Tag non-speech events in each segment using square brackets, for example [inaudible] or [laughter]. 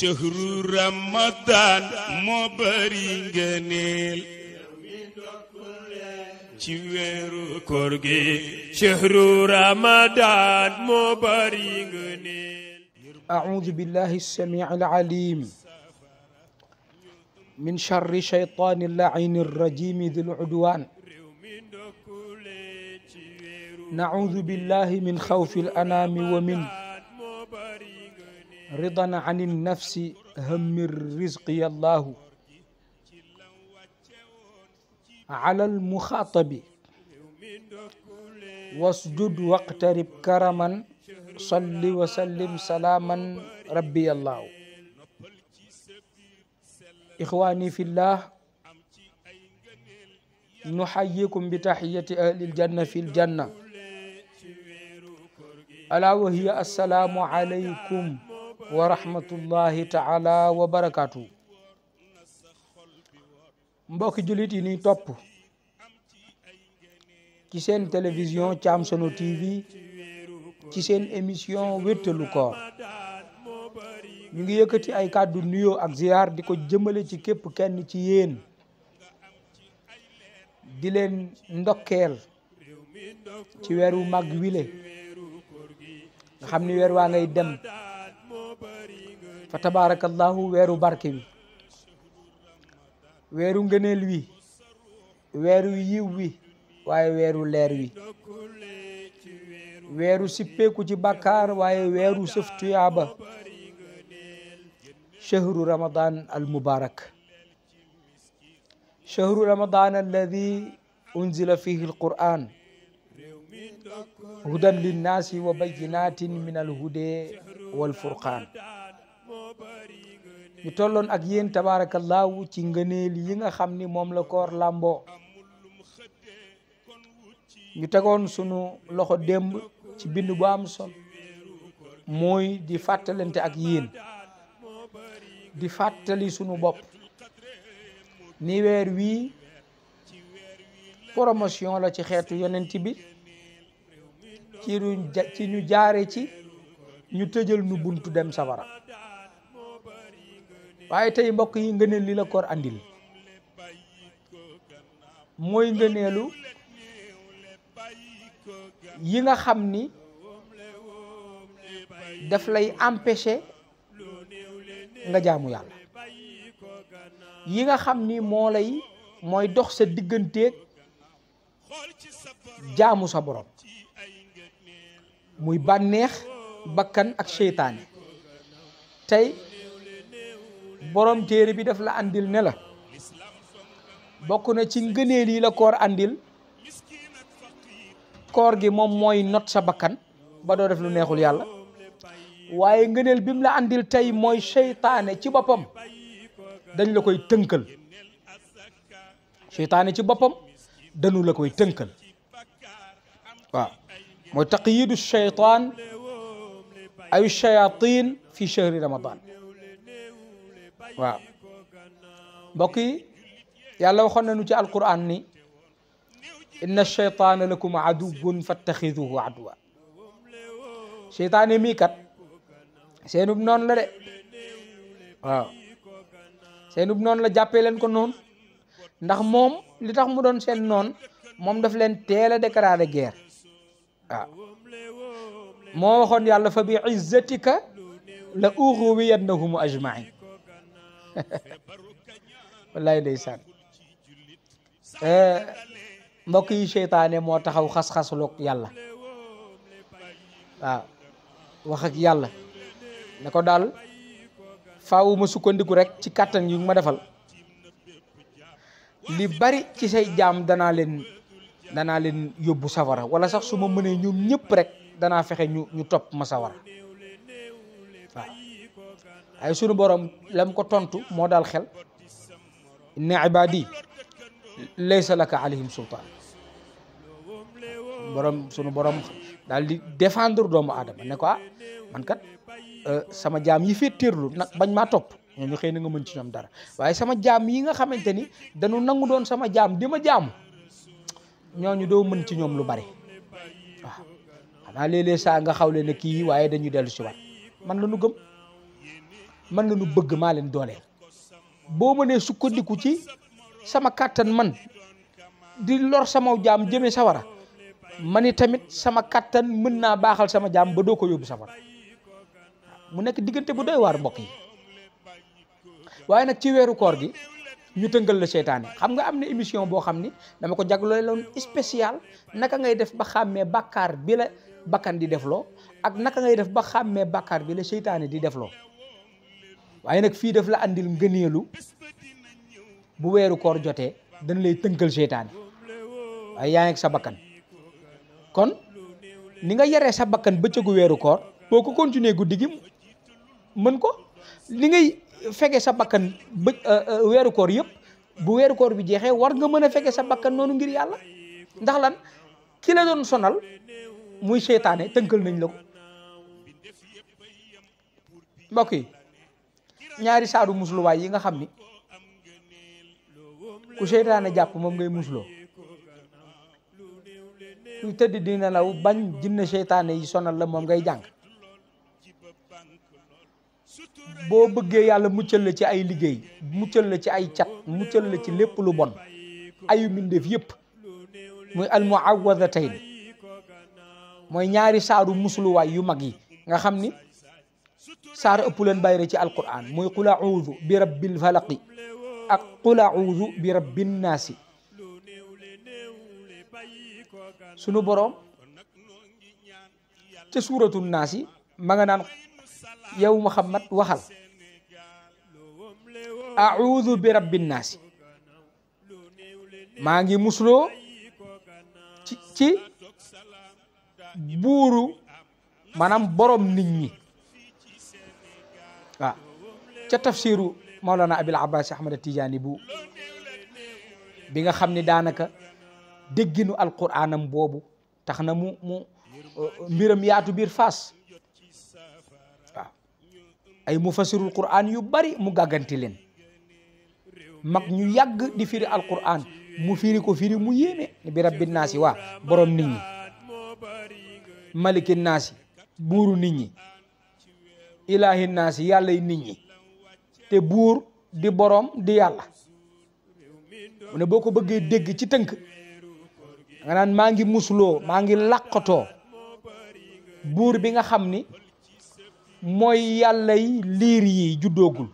shahru ramadan moo bari ngëneel ci weeru koor gi shahru ramadan moo bari ngëneel a'udhu billahi as-sami'il 'alim min sharri shaytani al-la'in ar-rajim dhil 'udwan na'udhu billahi min khawfi al-anami wa min ridan an nafsi hammir rizqiya allahu ala almuxaatabi wasjud waqtarib karaman salli wa sallim salaaman rabbi allahu ixwaani fillah nuxayikum bi taxiyati ahlil janna fil janna alaa wa hiya assalaamu aleykum wa rahmatullahi taala wa barakaatu mbokki jullit yi ñuy topp ci seen télévision Thiam Sono TV ci seen émission wéttalu koor ñu ngi yëkkati ay kàddu nuyoo ak ziyaar di ko jëmale ci képp kenn ci yéen di leen ndokkeel ci weeru mag wile nga xam ni weer waa ngay dem fa tabaarakallaahu weeru barke wi weeru ngëneel wi weeru yiw wi waaye weeru leer wi weeru sippeeku ci bàkkaar waaye weeru sëf tuyaaba chahru ramadan al mubarak chahru ramadan alladi unzila fihi alquran hudan linnaasi wa bayinatin min alhude walfurqaan ñu tolloon ak yéen tabaarakallaahu ci ngëneel yi nga xam ni moom la koor làmboo ñu tegoon sunu loxo démb ci bind bu am solo mooy di fàttalante ak yéen di fàttali sunu bopp ni weer wii promotion la ci xeetu yonent bi ci ñu jaare ci ñu tëjal nu buntu dem safara waaye tey mbokk yi ngëneel li la koor andil mooy ngëneelu yi nga xam ni daf lay empêcher nga jaamu yàlla yi nga xam ni moo lay mooy dox sa digganteeg jaamu sa borom muy bànneex bakkan ak seytaane tey borom téere bi def la andil ne la bokk na ci ngëneel yi la koor andil koor gi moom mooy not sa bakkan ba doo def lu neexul yàlla waaye ngëneel bi mu la andil tey mooy seytaane ci boppam la koy tënkal seytaane ci boppam dañu la koy tënkal waaw mooy taqyidu seytaan ay shayatin fi shahri ramadan waaw mbokk yi yàlla waxoon nañu ci alquran ni inna cheytaana lakum aduwun fattaxiduhu aduwa cheytaane mii kat seenub noonu la de waaw seenub noonu la jàppee leen ko noonu ndax moom li tax mu doon seen noonu moom daf leen teel a déclaré guerre waaw moo waxoon yàlla fa bi izzatika la uxuwiyannahum ajmain wallaay ndeysaan eh, mbokk yi seytaane moo taxaw xas-xasuloog yàlla waaw wax yàlla ne ko daal faawu sukkandiku rek ci kàttan yu ma defal li bari ci say jaam danaa leen danaa leen yóbbu sawara wala sax suma ma mënee ñoom ñëpp rek danaa fexe ñu ñu topp ma sawara ay sunu borom lam ko tontu moo daal xel inna ibadi laysa laka alayhim sultaan borom sunu borom daal di defendre doomu aadama ne ko ah man kat euh, sama jaam yi fee téerlu nag bañ ma topp ñooñu xëy na nga mën ci ñoom dara waaye sama jaam yi nga xamante ni dañu nangu doon sama jaam di ma jaamu ñooñu doo mën ci ñoom lu bari waaw xanaa léeg saa nga xawle ne kii waaye dañuy dellu si waat man la nu gëm. man lañu bëgg maa leen dooleel boo mënee sukkandiku ci sama kàttan man di lor sama jaam jëme sawara ma ni tamit sama kàttan mën naa baaxal sama jaam ba doo ko yóbbu sawara mu nekk diggante bu doy waar bokk yi waaye nag ci weeru koor gi ñu tëngal la seytaane xam nga am na émission boo xam ni dama ko jagloo loon spécial naka ngay def ba xàmmee bàkkaar bi la bakkan di defloo ak naka ngay def ba xàmmee bàkkaar bi la seytaane di def loo waaye nag fii def la andil ngëneelu bu weeru koor jotee dañ lay tënkal seytaane waaye yaa sa bakkan kon ni nga yaree sa bakkan bëccëgu weeru koor boo ko continuer guddi gi mën ko li ngay fege sa bakkan bë euh, euh, weeru koor yëpp bu weeru koor bi jeexee war nga mën a fege sa bakkan noonu ngir yàlla ndax lan ki la doon sonal muy seytaane tënkal nañ la ko mbokk yi ñaari saadu musluwaay yi nga xam ni ku seytaane jàpp moom ngay musloo kuy tëdd di nelaw bañ jinne seytaane yi sonal la moom ngay jàng boo bëggee yàlla muccal la ci ay liggéey muccal la ci ay cat muccal la ci lépp lu bon ayu mbindeef yépp muy almuawwadatayn mooy ñaari saaru musluwaay yu mag yi nga xam ni saar ëpp leen bayre ci alquran mooy qul audu bi rabbil falaqi ak qul audu bi rabbin naasi sunu boroom naas yi ma yow muhammad waxal audu bi rabbin naasi maa ngi musloo ci buuru maanaam borom nit ñi waaw ca tafsiru Maolana Abil Abbas Ahmad Tijaani bu bi nga xam ni daanaka dégginu alquraanam boobu tax na mu mu uh, mbiram yaatu biir faas waaw ay mufassirul quraan yu bari mu gàgganti leen mag ñu yàgg di firi alquraan mu firi ko firi mu yéeme bi rabbi naasi waa borom nit maliki naasi buuru nit ñi ilaahi naas yàlla yi nit ñi te buur di boroom di yàlla mu boo ko bëggee dégg ci tënk nga naan maa ngi musuloo maa ngi làqatoo buur bi nga xam ni mooy yàlla yi liir yi juddoogul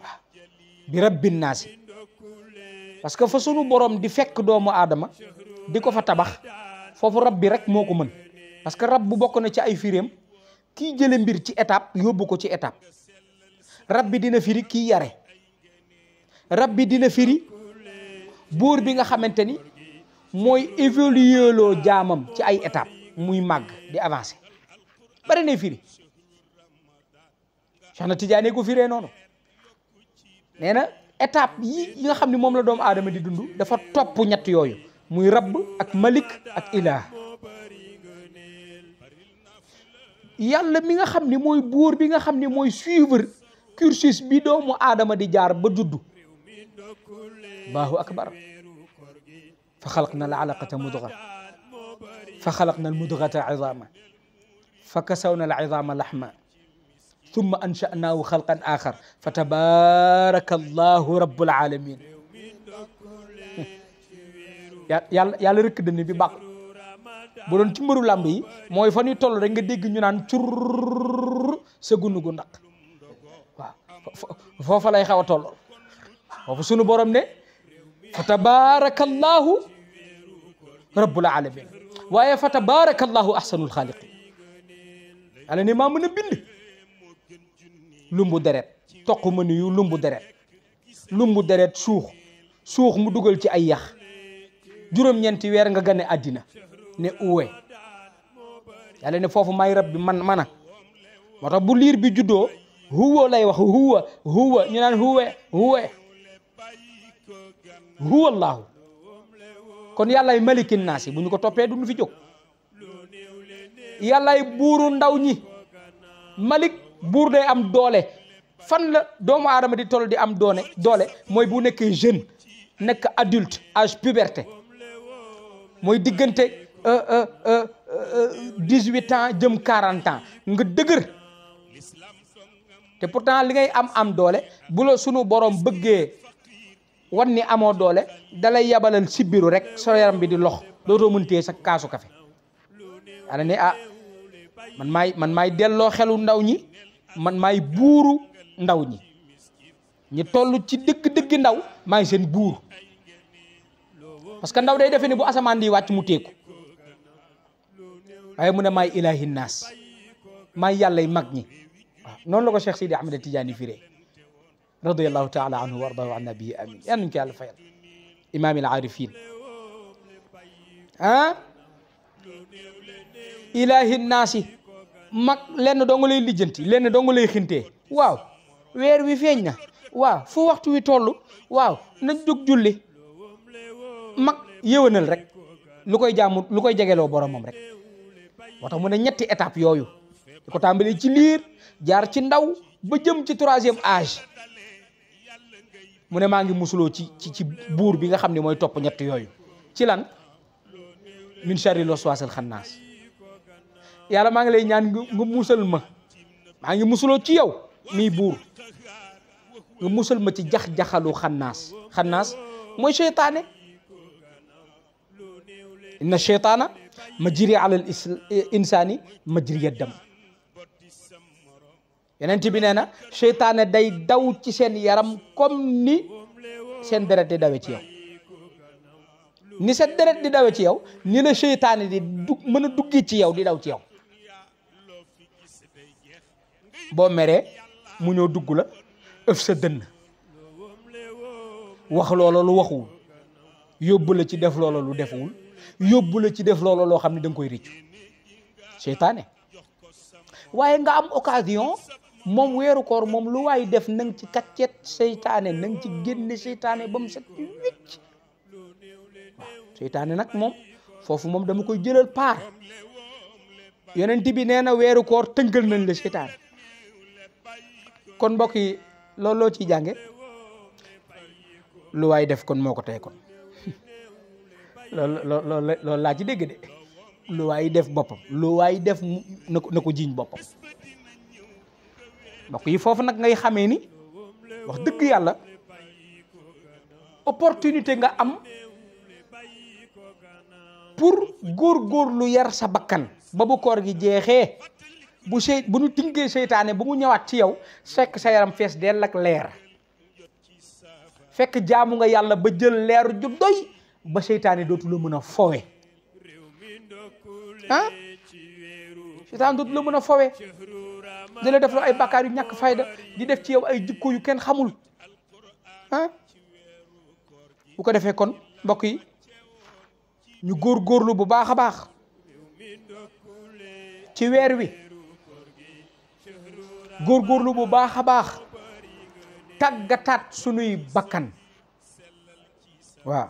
waaw bi rabbin naasi parce que fa sunu borom di fekk doomu aadama di ko fa tabax foofu rab bi rek moo ko mën parce que rab bu bokk na ci ay firéem kii jële mbir ci étape yóbbu ko ci étape rab bi dina firi kii yare rab bi dina firi buur bi nga xamante ni mooy évoluer jaamam ci ay étape muy màgg di avancé bari nay firi soxna na Tidiane ko firee noonu nee na étape yi nga xam ne moom la doomu aadama di dund dafa topp ñett yooyu muy rabb ak malik ak ilaah yàlla mi nga xam ni mooy buur bi nga xam ni mooy suivre cursus bi doomu aadama di jaar ba juddu allahu akbar fa xalaq na al alaqata mudga fa xalaq na al mudgata izama fa kasaw na al izama laxma summa ansha'naahu xalqan axar fa tabaraka allahu rabbul alamin [laughs] yàlla yàlla rëkk dënn bi bàqu bu doon ci mbëru làmb yi mooy fa ñuy toll rek nga dégg ñu naan curr sa gunu gu ndax waaw foofa lay xaw a toll foofu sunu borom ne fa tabarakallahu rabbul alamin waaye fa tabarakallahu ahsanul xaaliqin ala ne maa mën bind lumbu deret toq ma nuyu lumbu deret lumbu deret suux suux mu dugal ci ay yax juróom-ñeenti weer nga gane àddina ne uwe yàlla ne foofu may rab bi man mana moo tax bu liir bi juddoo huwa lay wax huwa huwa ñu naan huwe huwe huwa allaahu kon yàllaay malikin naasi bu ñu ko toppee du ñu fi jóg yàllaay buuru ndaw ñi malik buur day am doole fan la doomu aadama di toll di am doone doole mooy bu nekk jeune nekk adulte âge puberté mooy diggante Euh, euh, euh, dix-huit ans jëm quarante ans nga dëgër te pour pourtant li ngay am am doole bu la sunu borom bëggee wan ni amoo doole dalay yabalal sibbiru rek sa yaram bi di lox lootoo mën téye sa kaasu kafe ana ne ah man maay man maay delloo xelu ndaw ñi man maay buuru ndaw ñi ñi toll ci dëgg-dëgg ndaw maay seen buur parce que ndaw day defe ni bu asamaan di wàcc mu téeku waaye mu ne maay ilaahi naas maay yàllay mag ñi waaw noonu la a Cheikh Sidi Ahmed Tidiane firee radiallahu taala anhu wa amin yal nañu ko yàlla fayal imaam ah? ilaahi naas yi mag lenn dong lay lijjanti lenn dong lay xintee waaw weer wi feeñ na waaw fu waxtu wi toll waaw nañ jóg julli mag yéwénal rek lu koy jaamu lu rek moo mu ne ñetti étape yooyu di ko tàmbalee ci liir jaar ci ndaw ba jëm ci troisième âge mu ne maa ngi musuloo ci ci ci buur bi nga xam ne mooy topp ñett yooyu ci lan min charri loswaasal xannaas yàlla maa ngi lay ñaan nga musal ma maa ngi musuloo ci yow mii buur nga musal ma ci jax-jaxalu xannaas xannaas mooy seytaane inna cheytaana majri alal insaani majriya dam yonent bi nee na cheytaane day daw ci seen yaram comme ni seen deret di dawe ci yow ni sa deret di dawe ci yow ni la cheytaane di du mën a duggee ci yow di daw ci yow boo meree mu ñëw dugg la ëf sa dënn wax loola lu waxul yóbbu ci def loola lu deful yóbbu la ci def loolu loo xam ne da nga koy rëccu seytaane waaye nga am occasion moom weeru koor moom lu waay def na nga ci kaccet seytaane na nga ci génne seytaane ba mu set wicc seytaane nag moom foofu moom dama koy jëlal paar yeneen tibi nee na weeru koor tënkal nañ le seytaane kon mbokk yi loolu loo ciy jànge lu waay def kon moo ko tey loolu loolu laa ci dégg de lu waay def boppam lu waay def na ko na ko jiiñ boppam mbokk yi foofu nag ngay xamee ni wax dëgg yàlla opportunité nga am pour góor góor lu yar sa bakkan ba bu koor gi jeexee bu sey bu ñu tinkee seytaane bu mu ñëwaat ci yow sekk sa yaram fees dell ak leer fekk jaamu nga yàlla ba jël leer ju doy ba seytaane dootu la mën a fowe ah dootu la mën a fowe di la def loo ay bakkaar yu ñàkk fayda di def ci yow ay jikko yu kenn xamul ah bu ko defee kon mbokk yi ñu góorgóorlu bu baax a baax ci weer wi góorgóorlu bu baax a baax tàggataat sunuy bakkan waaw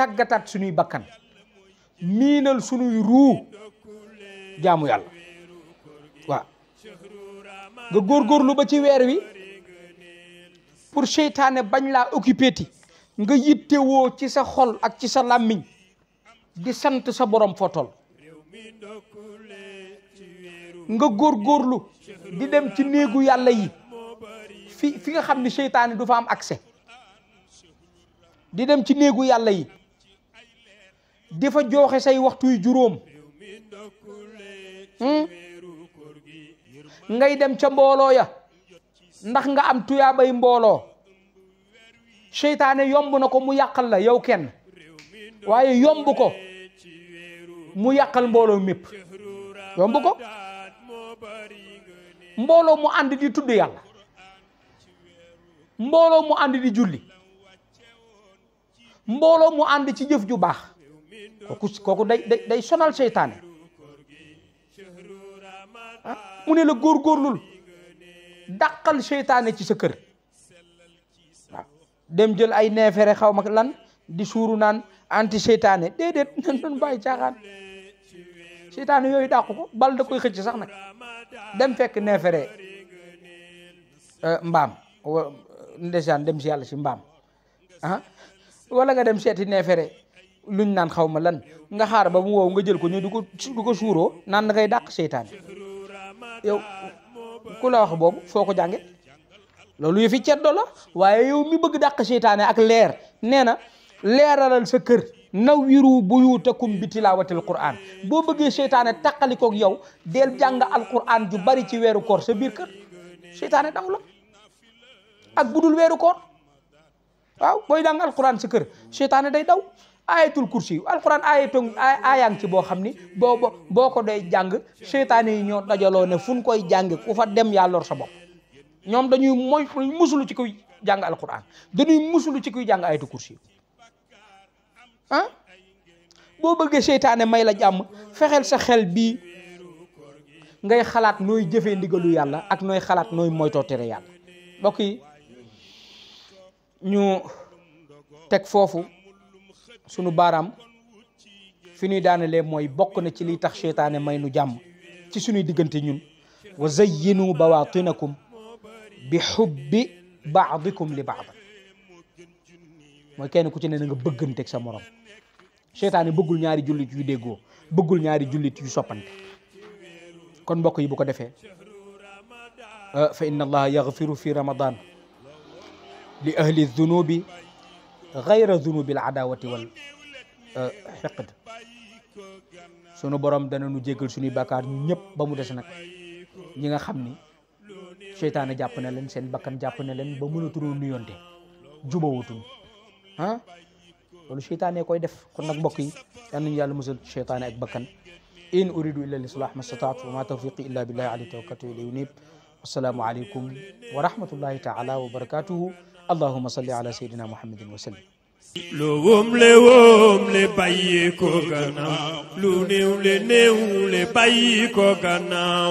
tàggataat suñuy bakkan miinal suñuy ruu jaamu yàlla waaw nga góorgóorlu ba ci weer wi pour seytaane bañ la occupé ti nga yittewoo ci sa xol ak ci sa làmmiñ di sant sa borom fotol nga góorgóorlu di dem ci néegu yàlla yi fi nga xam ni seytaane du fa am accès di dem ci néegu yàlla yi di fa jooxe say waxtuy juróom hmm? ngay dem ca mbooloo ya ndax nga am tuyaabay mbooloo seytaane yomb na ko mu yàqal la yow kenn waaye yomb ko mu yàqal mbooloo mépp yomb ko mbooloo mu ànd di tudd yàlla mbooloo mu ànd di julli mbooloo mu ànd ci jëf ju baax kooku kooku day day day sonal seytaane ah, mu ne la góorgóorlul dàqal seytaane ci sa kër waaw dem jël ay neefere xaw ma lan di suuru naan anti seytaane déedéet [laughs] nan doon bàyyi caaxaan seytaane yooyu dàqu ko bal da koy xëcc sax nag dem fekk neefere euh, mbaam ndeysaan dem si yàlla si mbaam ah nga dem seeti neefere luñ naan xaw ma lan nga xaar ba mu wow nga jël ko ñu di ko di ko suuroo naan da ngay dàq seytaan yow ku la wax boobu foo ko jànge loolu yëfi ceddo la waaye yow mi bëgg dàq seytaane ak leer nee na leeralal sa kër nawwiru buyutakum bi tilaawatil quraan boo bëggee seytaane taqalikoog yow del jàng alquraan ju bari ci weeru koor sa biir kër seytaane daw la ak budul weeru koor waaw booy jàng alquraan sa kër seytaane day daw ayatul kursi yu alquran ayatu aayang ci boo xam ni boo boo ko doy jàng seytaane yi ñoo dajaloo ne fu koy jàng ku fa dem yaa lor sa bopp ñoom dañuy moy musulu ci kuy jàng alquran dañuy musulu ci kuy jàng ayatul ah boo bëggee seytaane may la jàmm fexeel sa xel bii ngay xalaat nooy jëfee ndigalu yàlla ak nooy xalaat nooy moytoo tere yàlla mbokk ñu teg foofu sunu baaraam fi ñuy daanalee mooy bokk na ci liy tax seytaane may nu jàmm ci suñuy diggante ñun wa zayyinu bawaatinakum bi xubbi baadikum li baad mooy kenn ku ci ne na nga bëgganteeg sa morom seytaane bëggul ñaari jullit yu déggoo bëggul ñaari jullit yu soppante kon mbokk yi bu ko defee fa inna allaha yaghfiru fi ramadan li ahli dunubi xayra zunubil adawati wal xiqd sunu borom dana nu jéggal suñuy bakkaar ñu ñëpp ba mu des nag ñi nga xam ni seytaane jàpp na leen seen bakkan jàpp na leen ba mënatuñu nuyonte jubawutuñu ah loolu seytaane koy def kon nag mbokk yi yal nañu yàlla musal seytaane ak bakkan in uridu illa lislah ma stataatu wa ma tawfiqi illa billahi alayhi tawakkaltu ilayhi unib assalaamu aleykum wa rahmatullahi taala wa barakatuhu allahuma salli ala sayyidina muhammadin wa sallim lu wóomle wóomle bàyyi ko gannaaw lu néewle néewle bàyyi ko gannaaw